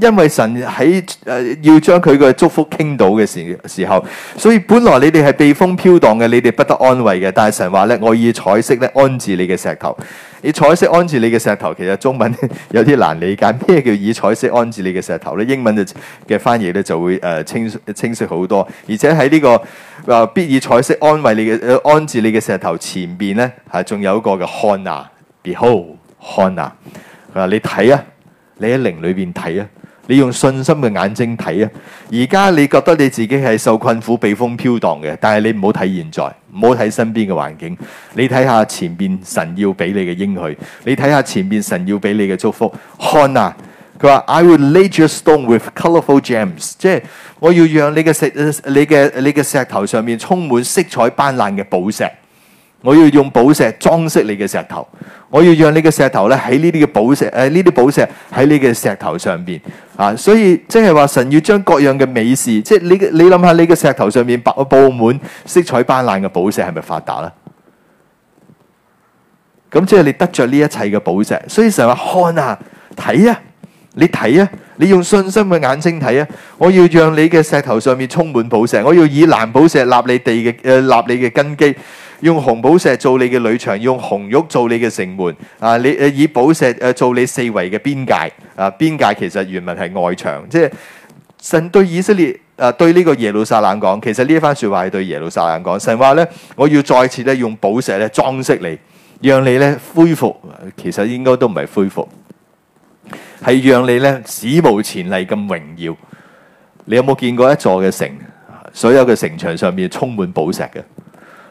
因為神喺誒、呃、要將佢嘅祝福傾到嘅時時候，所以本來你哋係被風飄蕩嘅，你哋不得安慰嘅。但係神話咧，我以彩色咧安置你嘅石頭。以彩色安置你嘅石頭，其實中文有啲難理解咩叫以彩色安置你嘅石頭咧？英文嘅嘅翻譯咧就會誒、呃、清清晰好多。而且喺呢、這個話、呃、必以彩色安慰你嘅、呃、安置你嘅石頭前邊咧，係、啊、仲有一個嘅看啊 Behold 看啊！嗱，你睇啊，你喺靈裏邊睇啊。你用信心嘅眼睛睇啊！而家你覺得你自己係受困苦、被風飄蕩嘅，但係你唔好睇現在，唔好睇身邊嘅環境，你睇下前邊神要俾你嘅應許，你睇下前邊神要俾你嘅祝福。看啊，佢話 I will lay your stone with colorful gems，即係我要讓你嘅石、你嘅你嘅石頭上面充滿色彩斑斕嘅寶石。我要用寶石裝飾你嘅石頭，我要讓你嘅石頭咧喺呢啲嘅寶石誒，呢啲寶石喺你嘅石頭上邊啊，所以即係話神要將各樣嘅美事，即、就、係、是、你嘅你諗下，你嘅石頭上面白布滿色彩斑斕嘅寶石是是，係咪發達啦？咁即係你得着呢一切嘅寶石，所以成日看啊睇啊，你睇啊，你用信心嘅眼睛睇啊，我要讓你嘅石頭上面充滿寶石，我要以藍寶石立你地嘅誒，立、呃、你嘅根基。用紅寶石做你嘅女牆，用紅玉做你嘅城門。啊，你誒以寶石誒做你四圍嘅邊界。啊，邊界其實原文係外牆。即係神對以色列誒、啊、對呢個耶路撒冷講，其實呢一番說話係對耶路撒冷講。神話咧，我要再次咧用寶石咧裝飾你，讓你咧恢復。其實應該都唔係恢復，係讓你咧史無前例咁榮耀。你有冇見過一座嘅城，所有嘅城牆上面充滿寶石嘅？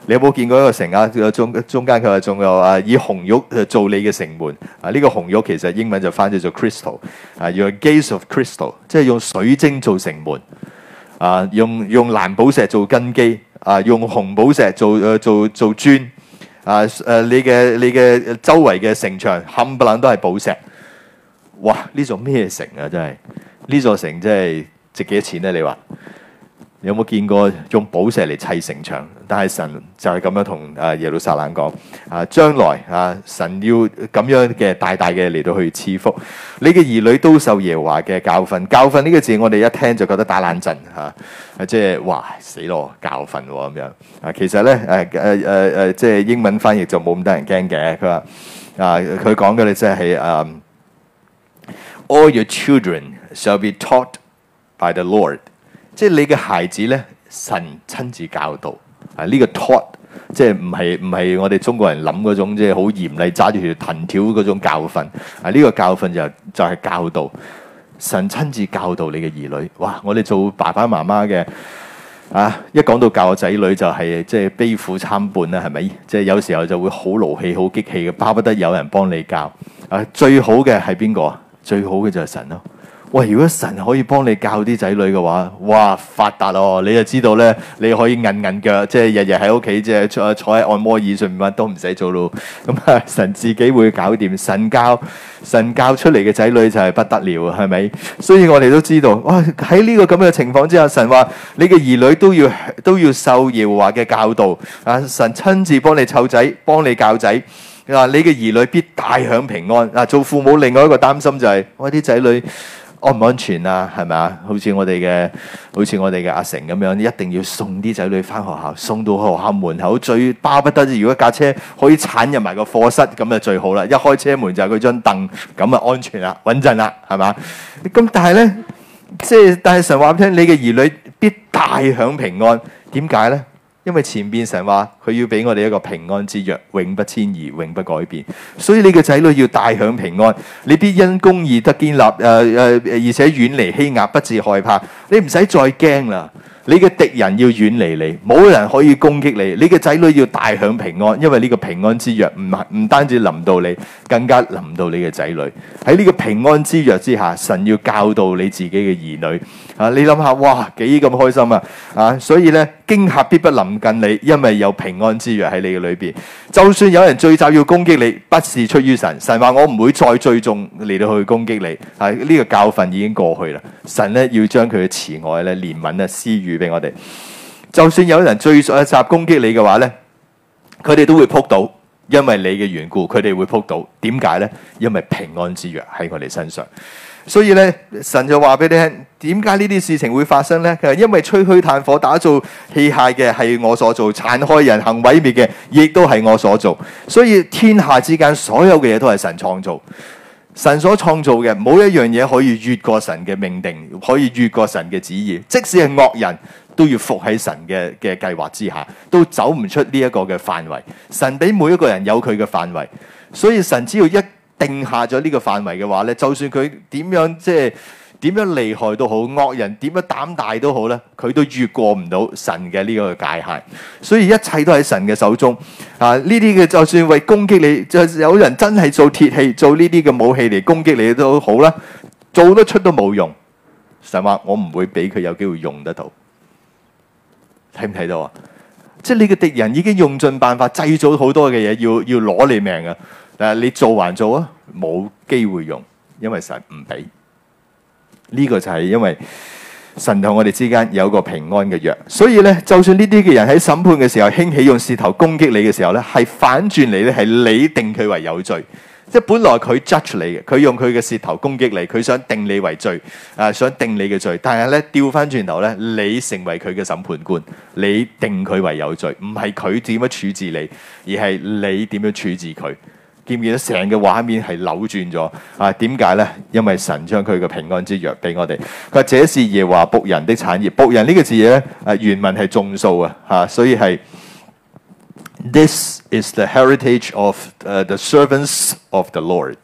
你有冇見過一個城啊？個中中間佢話仲有話以紅玉做你嘅城門啊！呢、呢個紅玉其實英文就翻咗做 crystal 啊，用 gates of crystal，即係用水晶做城門啊，用用藍寶石做根基啊，用紅寶石做誒、呃、做做，做磚啊誒，你嘅你嘅周圍嘅城牆冚唪唥都係寶石。哇！呢座咩城啊？真係呢座城真係值幾多錢咧、啊？你話？有冇見過用寶石嚟砌城牆？但係神就係咁樣同啊耶路撒冷講啊，將來啊神要咁樣嘅大大嘅嚟到去賜福。」你嘅兒女都受耶和華嘅教訓。教訓呢個字我哋一聽就覺得打冷震嚇，即係哇死咯教訓喎咁樣啊！其實咧誒誒誒誒，即係英文翻譯就冇咁多人驚嘅。佢話啊，佢講嘅咧即係啊，all your children shall be taught by the Lord。即係你嘅孩子咧，神親自教導啊！呢、這個 taught，即係唔係唔係我哋中國人諗嗰種，即係好嚴厲揸住條藤條嗰種教訓啊！呢、這個教訓就是、就係、是、教導神親自教導你嘅兒女。哇！我哋做爸爸媽媽嘅啊，一講到教仔女就係、是、即係悲苦參半啦，係咪？即係有時候就會好勞氣、好激氣嘅，巴不得有人幫你教啊！最好嘅係邊個啊？最好嘅就係神咯。喂，如果神可以幫你教啲仔女嘅話，哇，發達囉！你就知道咧，你可以韌韌腳，即係日日喺屋企，即係坐喺按摩椅上面啊，都唔使做咯。咁、嗯、啊，神自己會搞掂。神教神教出嚟嘅仔女就係不得了，係咪？所以我哋都知道哇。喺呢個咁嘅情況之下，神話你嘅兒女都要都要受耶和華嘅教導啊。神親自幫你湊仔，幫你教仔啊。你嘅兒女必大享平安啊。做父母另外一個擔心就係、是、哇，啲仔女。安唔安全啊？係咪啊？好似我哋嘅，好似我哋嘅阿成咁樣，一定要送啲仔女翻學校，送到學校門口最巴不得，如果架車可以鏟入埋個課室，咁就最好啦。一開車門就係佢張凳，咁啊安全啦，穩陣啦，係咪啊？咁但係咧，即係但係神話聽，你嘅兒女必大享平安，點解咧？因為前面神話佢要俾我哋一個平安之約，永不遷移，永不改變。所以你嘅仔女要大享平安，你必因公義得建立，誒、呃、誒、呃，而且遠離欺壓，不至害怕。你唔使再驚啦，你嘅敵人要遠離你，冇人可以攻擊你。你嘅仔女要大享平安，因為呢個平安之約唔唔單止臨到你，更加臨到你嘅仔女。喺呢個平安之約之下，神要教導你自己嘅兒女。啊，你諗下，哇，幾咁開心啊！啊，所以呢。驚嚇必不臨近你，因為有平安之約喺你嘅裏邊。就算有人聚集要攻擊你，不是出於神。神話我唔會再聚眾嚟到去攻擊你。係、這、呢個教訓已經過去啦。神呢要將佢嘅慈愛咧、憐憫啊、施予俾我哋。就算有人聚集一齊攻擊你嘅話呢，佢哋都會撲到，因為你嘅緣故，佢哋會撲到。點解呢？因為平安之約喺我哋身上。所以咧，神就話俾你聽，點解呢啲事情會發生呢？佢話因為吹噓炭火打造器械嘅係我所做，殘害人行毀滅嘅亦都係我所做。所以天下之間所有嘅嘢都係神創造。神所創造嘅冇一樣嘢可以越過神嘅命定，可以越過神嘅旨意。即使係惡人都要服喺神嘅嘅計劃之下，都走唔出呢一個嘅範圍。神俾每一個人有佢嘅範圍，所以神只要一。定下咗呢個範圍嘅話咧，就算佢點樣即係點樣厲害都好，惡人點樣膽大都好咧，佢都越過唔到神嘅呢個界限。所以一切都喺神嘅手中。啊，呢啲嘅就算為攻擊你，就有人真係做鐵器，做呢啲嘅武器嚟攻擊你都好啦，做得出都冇用。神話我唔會俾佢有機會用得到。睇唔睇到啊？即係你嘅敵人已經用盡辦法，製造好多嘅嘢，要要攞你命啊！嗱，你做還做啊？冇機會用，因為神唔俾。呢個就係因為神同我哋之間有一個平安嘅約。所以咧，就算呢啲嘅人喺審判嘅時候，興起用舌頭攻擊你嘅時候咧，係反轉嚟咧，係你定佢為有罪。即係本來佢 judge 你嘅，佢用佢嘅舌頭攻擊你，佢想定你為罪，啊、呃、想定你嘅罪。但係咧，調翻轉頭咧，你成為佢嘅審判官，你定佢為有罪，唔係佢點樣處置你，而係你點樣處置佢。見唔見到成個畫面係扭轉咗啊？點解咧？因為神將佢嘅平安之約俾我哋。佢話這是耶和華僕人的產業。僕人呢個字咧，啊，原文係眾數啊，嚇，所以係 This is the heritage of the servants of the Lord，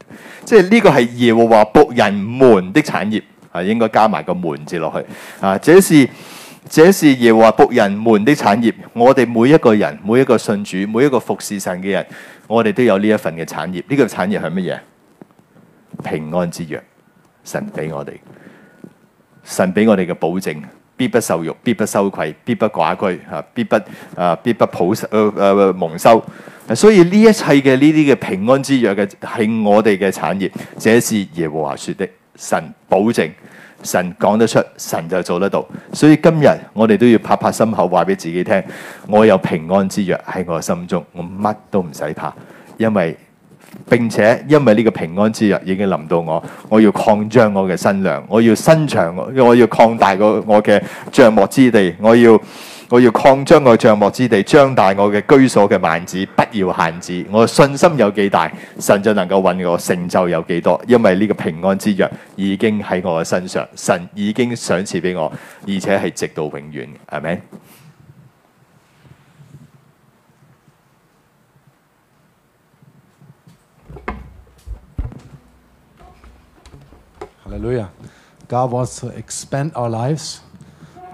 即係呢個係耶和華僕人們的產業。啊，應該加埋個門字落去。啊，這是這是耶和華僕人們的產業。我哋每一個人，每一個信主、每一個服侍神嘅人。我哋都有呢一份嘅產業，呢、這個產業係乜嘢？平安之約，神俾我哋，神俾我哋嘅保證，必不受辱，必不羞愧，必不寡居，嚇，必不啊，必不抱，誒、呃呃、蒙羞。所以呢一切嘅呢啲嘅平安之約嘅係我哋嘅產業，這是耶和華説的，神保證。神講得出，神就做得到。所以今日我哋都要拍拍心口，話俾自己聽：我有平安之約喺我心中，我乜都唔使怕。因為並且因為呢個平安之約已經臨到我，我要擴張我嘅身量，我要伸長我，我我要擴大個我嘅帳幕之地，我要。我要擴張我帳幕之地，張大我嘅居所嘅幔子，不要限制。我信心有幾大，神就能夠搵我成就有幾多。因為呢個平安之約已經喺我嘅身上，神已經賞賜畀我，而且係直到永遠，係咪？Hallelujah. God wants to expand our lives.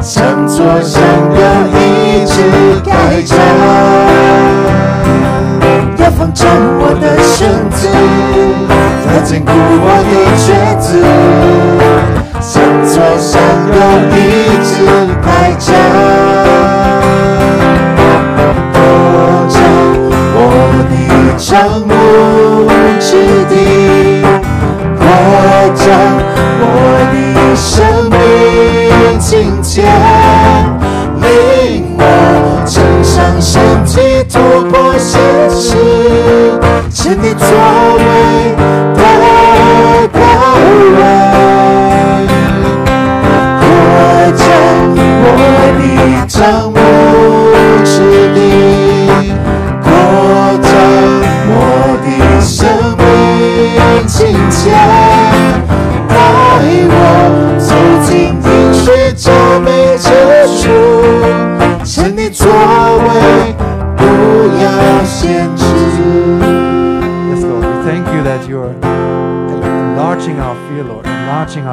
向左向右一直擴張，要放長我的繩子，太堅固，我的橛子。向左向右一直擴張，我走我的路。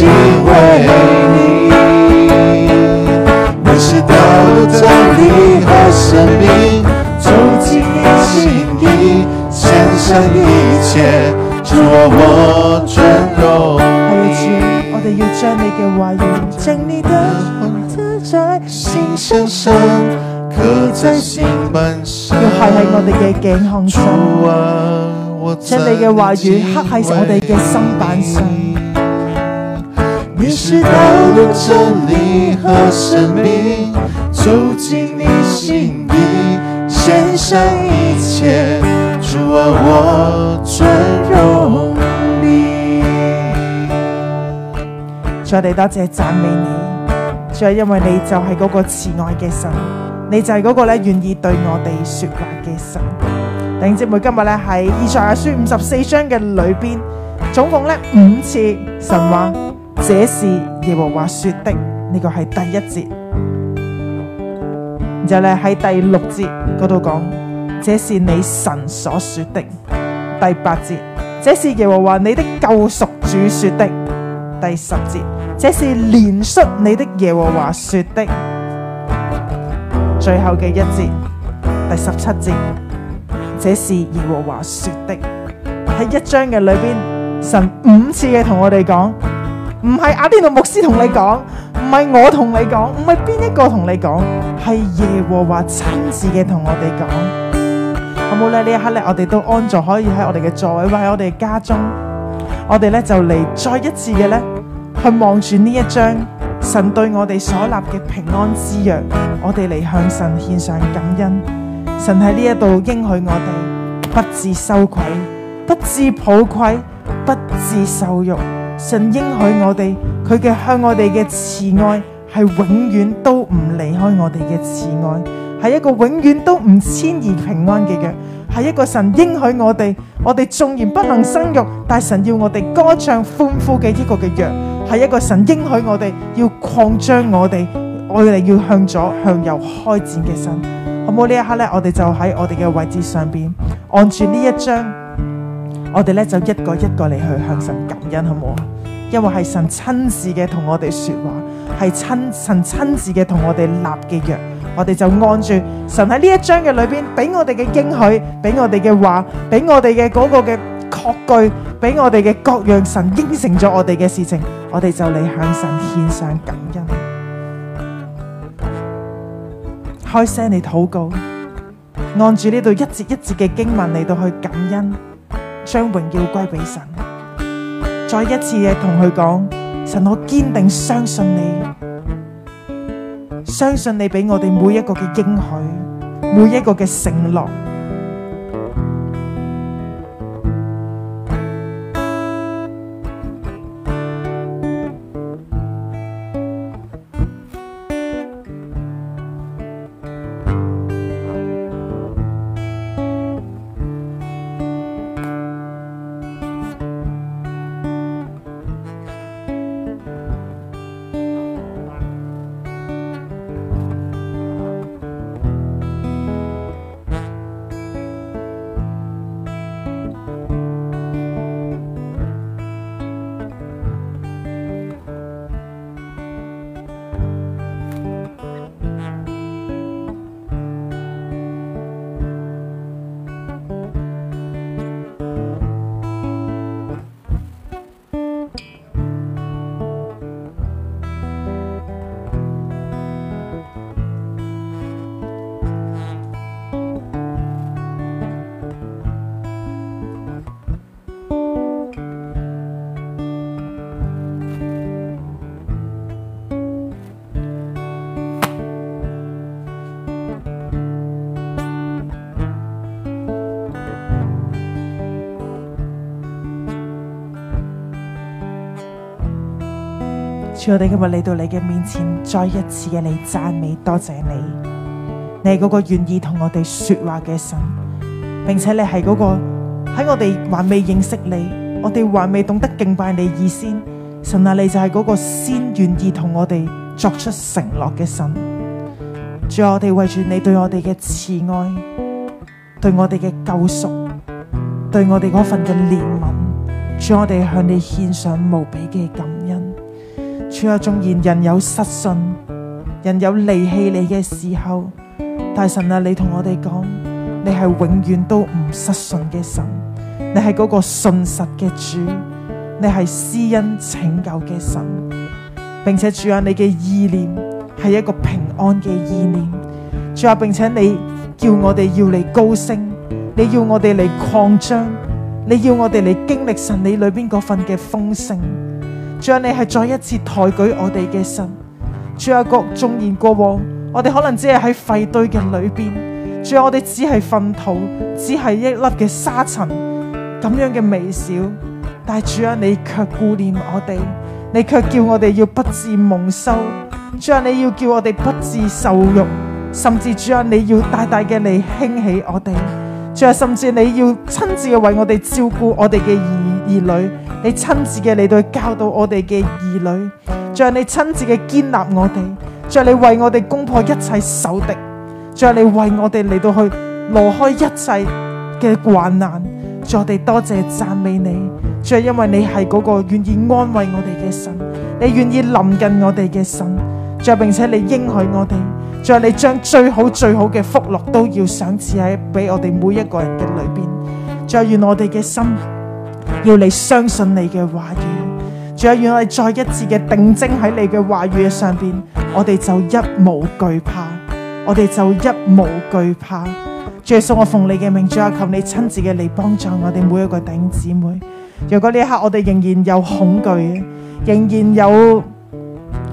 主，我哋要將你嘅話語，將你的恩澤在心上生，刻在心板上，上上上要刻喺我哋嘅頸項上，啊、將你嘅話語刻喺我哋嘅心板上。是道路真理和生命，走進你心底，獻上一切，主啊，我尊榮你。再道多謝讚美你，主要因為你就係嗰個慈愛嘅神，你就係嗰個咧願意對我哋說話嘅神。等姊妹今日咧喺《以賽亞書》五十四章嘅裏邊，總共咧五次神話。這是耶和華說的，呢、這個係第一節。然後呢，喺第六節嗰度講，這是你神所說的。第八節，這是耶和華你的救贖主說的。第十節，這是憐恤你的耶和華說的。最後嘅一節，第十七節，這是耶和華說的。喺一章嘅裏邊，神五次嘅同我哋講。唔係阿天路牧師同你講，唔係我同你講，唔係邊一個同你講，係耶和華親自嘅同我哋講。好冇咧？呢一刻咧，我哋都安坐，可以喺我哋嘅座位，或喺我哋嘅家中，我哋咧就嚟再一次嘅咧，去望住呢一章神對我哋所立嘅平安之約，我哋嚟向神獻上感恩。神喺呢一度應許我哋，不至羞愧，不至抱愧，不至羞辱。神應許我哋，佢嘅向我哋嘅慈愛係永遠都唔離開我哋嘅慈愛，係一個永遠都唔遷移平安嘅約，係一個神應許我哋，我哋縱然不能生育，但神要我哋歌唱歡呼嘅一個嘅約，係一個神應許我哋要擴張我哋，我哋要向左向右開展嘅神，好唔好？呢一刻呢，我哋就喺我哋嘅位置上邊按住呢一張。我哋咧就一個一個嚟，去向神感恩，好唔好啊？因為係神親自嘅同我哋說話，係親神親自嘅同我哋立嘅約。我哋就按住神喺呢一章嘅裏邊俾我哋嘅應許，俾我哋嘅話，俾我哋嘅嗰個嘅確據，俾我哋嘅各樣神應承咗我哋嘅事情，我哋就嚟向神獻上感恩，開聲嚟禱告，按住呢度一節一節嘅經文嚟到去感恩。將榮耀歸俾神，再一次嘅同佢講：神，我堅定相信你，相信你俾我哋每一個嘅應許，每一個嘅承諾。我哋今日嚟到你嘅面前，再一次嘅你讚美，多謝你，你嗰個願意同我哋說話嘅神，並且你係嗰個喺我哋還未認識你，我哋還未懂得敬拜你以先，神啊，你就係個先願意同我哋作出承諾嘅神。主，我哋為住你對我哋嘅慈愛，對我哋嘅救贖，對我哋嗰份嘅憐憫，將我哋向你獻上無比嘅感。主啊，縱然人有失信，人有離棄你嘅時候，大神啊，你同我哋講，你係永遠都唔失信嘅神，你係嗰個信實嘅主，你係施恩拯救嘅神，並且主啊，你嘅意念係一個平安嘅意念。仲有、啊，並且你叫我哋要嚟高升，你要我哋嚟擴張，你要我哋嚟經歷神你裏邊嗰份嘅豐盛。主你係再一次抬舉我哋嘅神。主啊，國縱然過往，我哋可能只係喺廢堆嘅裏邊。主啊，我哋只係糞土，只係一粒嘅沙塵，咁樣嘅微小。但係主啊，你卻顧念我哋，你卻叫我哋要不自蒙羞。主啊，你要叫我哋不自受辱，甚至主啊，你要大大嘅嚟興起我哋。主啊，甚至你要親自嘅為我哋照顧我哋嘅兒兒女。你親自嘅嚟到去教導我哋嘅兒女，再你親自嘅建立我哋，再你為我哋攻破一切守敵，再你為我哋嚟到去挪開一切嘅患難，再我哋多謝讚美你，再因為你係嗰個願意安慰我哋嘅神，你願意臨近我哋嘅神，再並且你應許我哋，再你將最好最好嘅福樂都要賞賜喺俾我哋每一個人嘅裏邊，再願我哋嘅心，要你相信你嘅話語，仲有要我哋再一次嘅定睛喺你嘅話語嘅上邊，我哋就一無懼怕，我哋就一無懼怕。仲要送我奉你嘅命，仲有求你親自嘅嚟幫助我哋每一個弟兄姊妹。若果呢一刻我哋仍然有恐懼嘅，仍然有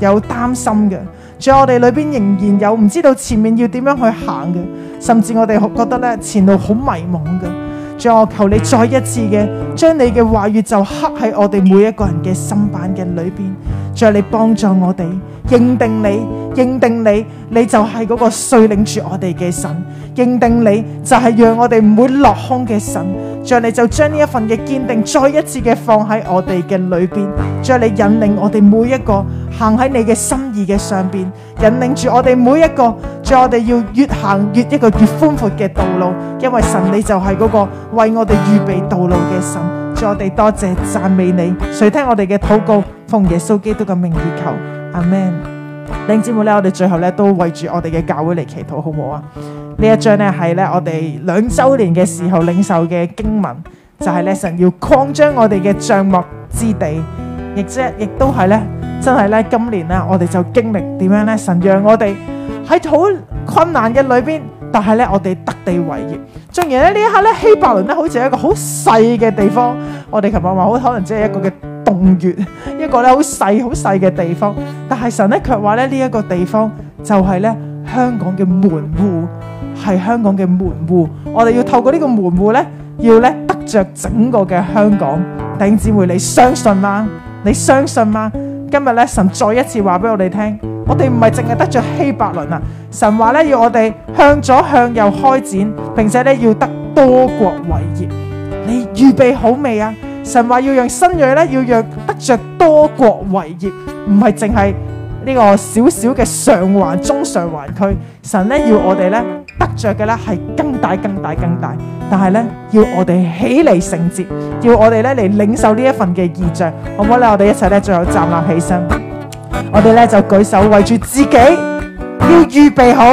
有擔心嘅，仲有我哋裏邊仍然有唔知道前面要點樣去行嘅，甚至我哋覺得咧前路好迷茫嘅。再我求你再一次嘅將你嘅話語就刻喺我哋每一個人嘅心版嘅裏邊，在你幫助我哋。認定你，認定你，你就係嗰個率領住我哋嘅神。認定你就係讓我哋唔會落空嘅神。將你就將呢一份嘅堅定再一次嘅放喺我哋嘅裏邊，將你引領我哋每一個行喺你嘅心意嘅上邊，引領住我哋每一個，將我哋要越行越一個越寬闊嘅道路，因為神你就係嗰個為我哋預備道路嘅神。將我哋多謝讚美你，誰聽我哋嘅禱告，奉耶穌基督嘅名義求。阿 Man，領姊妹咧，我哋最後咧都為住我哋嘅教會嚟祈禱，好唔好啊？呢一章咧係咧我哋兩周年嘅時候領受嘅經文，就係咧神要擴張我哋嘅帳幕之地，亦即係亦都係咧真係咧今年咧我哋就經歷點樣咧？神讓我哋喺好困難嘅裏邊，但係咧我哋得地為業，縱然咧呢一刻咧希伯倫咧好似係一個好細嘅地方，我哋琴日話好可能只係一個嘅。洞穴一個咧好細好細嘅地方，但係神咧卻話咧呢一個地方就係咧香港嘅門戶，係香港嘅門戶。我哋要透過呢個門戶咧，要咧得着整個嘅香港。弟兄姊妹，你相信嗎？你相信嗎？今日咧神再一次話俾我哋聽，我哋唔係淨係得着希伯倫啊！神話咧要我哋向左向右開展，並且咧要得多國為業。你預備好未啊？神話要讓新裔，咧，要讓得着多國為業，唔係淨係呢個小小嘅上環、中上環區。神咧要我哋咧得着嘅咧係更大、更大、更大，但係咧要我哋起嚟聖潔，要我哋咧嚟領受呢一份嘅異象，好唔好咧？我哋一齊咧最後站立起身，我哋咧就舉手為住自己，要預備好，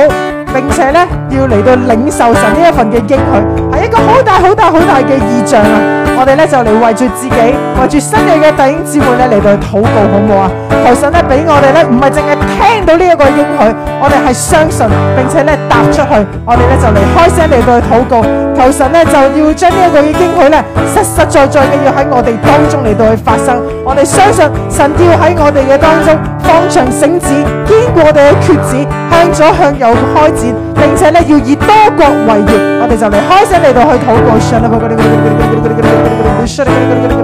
並且咧要嚟到領受神呢一份嘅應許，係一個好大、好大、好大嘅異象啊！我哋呢就嚟為住自己，為住新嘅弟兄姊妹呢嚟到去禱告，好唔好啊？求神咧俾我哋咧，唔係淨係聽到呢一個應許，我哋係相信，並且咧踏出去，我哋咧就嚟開聲嚟到去禱告。求神咧就要將呢一個應許咧，實實在在嘅要喺我哋當中嚟到去發生。我哋相信神要喺我哋嘅當中，放長繩子，堅固我哋嘅橛子，向左向右開展，並且咧要以多國為業，我哋就嚟開聲嚟到去禱告。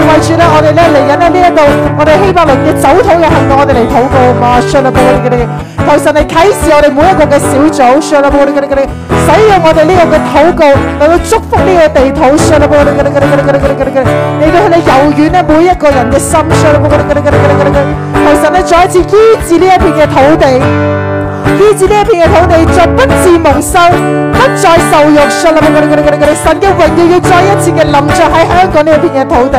為住咧，我哋咧嚟緊咧呢一度，我哋希伯倫嘅酒土嘅行動，我哋嚟禱告啊！上帝求神嚟啟示我哋每一個嘅小組，上帝使用我哋呢一個嘅禱告嚟到祝福呢個地土，上帝，求神你柔軟呢每一個人嘅心，上帝，求神你再一次醫治呢一片嘅土地。於此呢一片嘅土地，再不治蒙羞，不再受辱。神嘅榮耀要再一次嘅臨在喺香港呢一片嘅土地。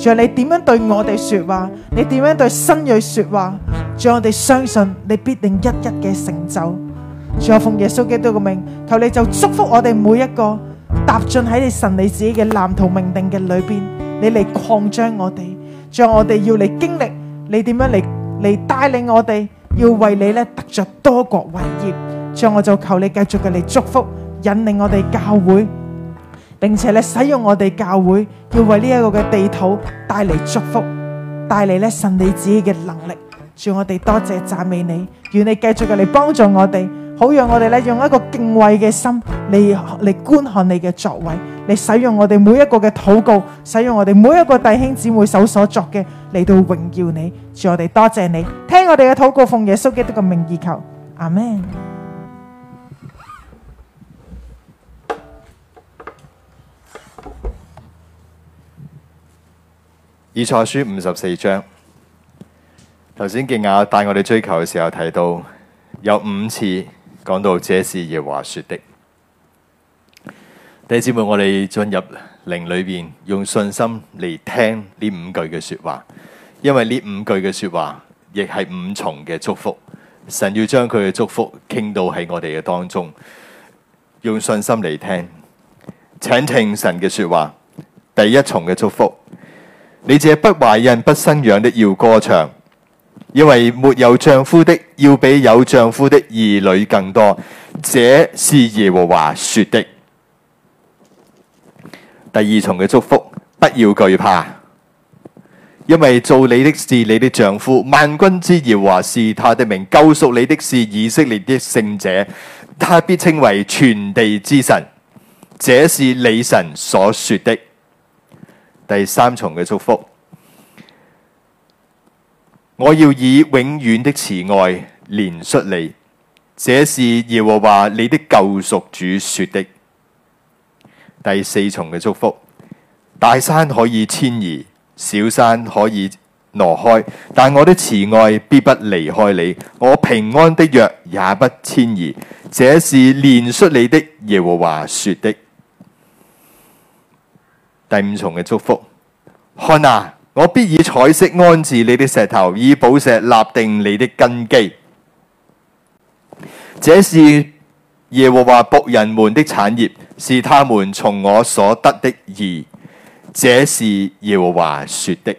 主啊，你點樣對我哋說話？你點樣對新蕊說話？主，我哋相信你必定一一嘅成就。主，我奉耶穌基督嘅名，求你就祝福我哋每一個踏進喺你神你自己嘅藍圖命定嘅裏邊，你嚟擴張我哋。主，我哋要嚟經歷你點樣嚟嚟帶領我哋，要為你咧得着多國為業。主，我就求你繼續嘅嚟祝福引領我哋教會。並且咧使用我哋教會，要為呢一個嘅地土帶嚟祝福，帶嚟咧神你自己嘅能力。主，我哋多謝讚美你，願你繼續嘅嚟幫助我哋，好讓我哋咧用一個敬畏嘅心嚟嚟觀看你嘅作為，你使用我哋每一個嘅禱告，使用我哋每一個弟兄姊妹手所作嘅嚟到榮耀你。主，我哋多謝你，聽我哋嘅禱告，奉耶穌基督嘅名而求，阿門。以賽亞書五十四章，頭先敬雅帶我哋追求嘅時候提到有五次講到這是耶和華說的。弟兄姊妹，我哋進入靈裏面，用信心嚟聽呢五句嘅說話，因為呢五句嘅說話亦係五重嘅祝福。神要將佢嘅祝福傾倒喺我哋嘅當中，用信心嚟聽，請聽神嘅說話。第一重嘅祝福。你這不懷孕不生養的要歌唱，因為沒有丈夫的要比有丈夫的兒女更多，這是耶和華說的。第二重嘅祝福，不要懼怕，因為造你的是你的丈夫，萬軍之耶和華是他的名，救贖你的是以色列的聖者，他必稱為全地之神，這是你神所說的。第三重嘅祝福，我要以永遠的慈愛憐恤你，這是耶和華你的救贖主說的。第四重嘅祝福，大山可以遷移，小山可以挪開，但我的慈愛必不離開你，我平安的約也不遷移，這是憐恤你的耶和華說的。第五重嘅祝福，看啊！我必以彩色安置你的石頭，以寶石立定你的根基。這是耶和華僕人們的產業，是他們從我所得的義。這是耶和華說的。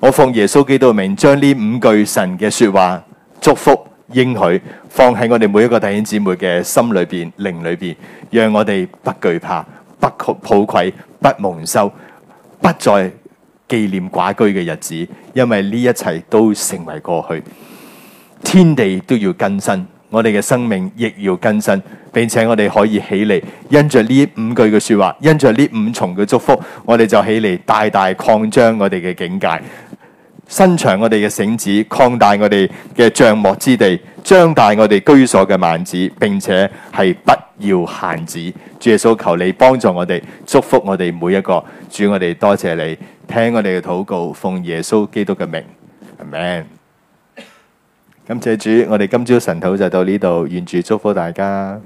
我奉耶穌基督嘅名，將呢五句神嘅說話、祝福、應許，放喺我哋每一個弟兄姊妹嘅心裏邊、靈裏邊，讓我哋不懼怕。不哭抱愧，不蒙羞，不再紀念寡居嘅日子，因為呢一切都成為過去。天地都要更新，我哋嘅生命亦要更新，並且我哋可以起嚟，因着呢五句嘅說話，因着呢五重嘅祝福，我哋就起嚟，大大擴張我哋嘅境界，伸長我哋嘅繩子，擴大我哋嘅帳幕之地。張大我哋居所嘅幔子，並且係不要限止。主耶穌求你幫助我哋，祝福我哋每一個。主，我哋多謝你聽我哋嘅禱告，奉耶穌基督嘅名，amen。感謝主，我哋今朝晨早就到呢度，願主祝福大家。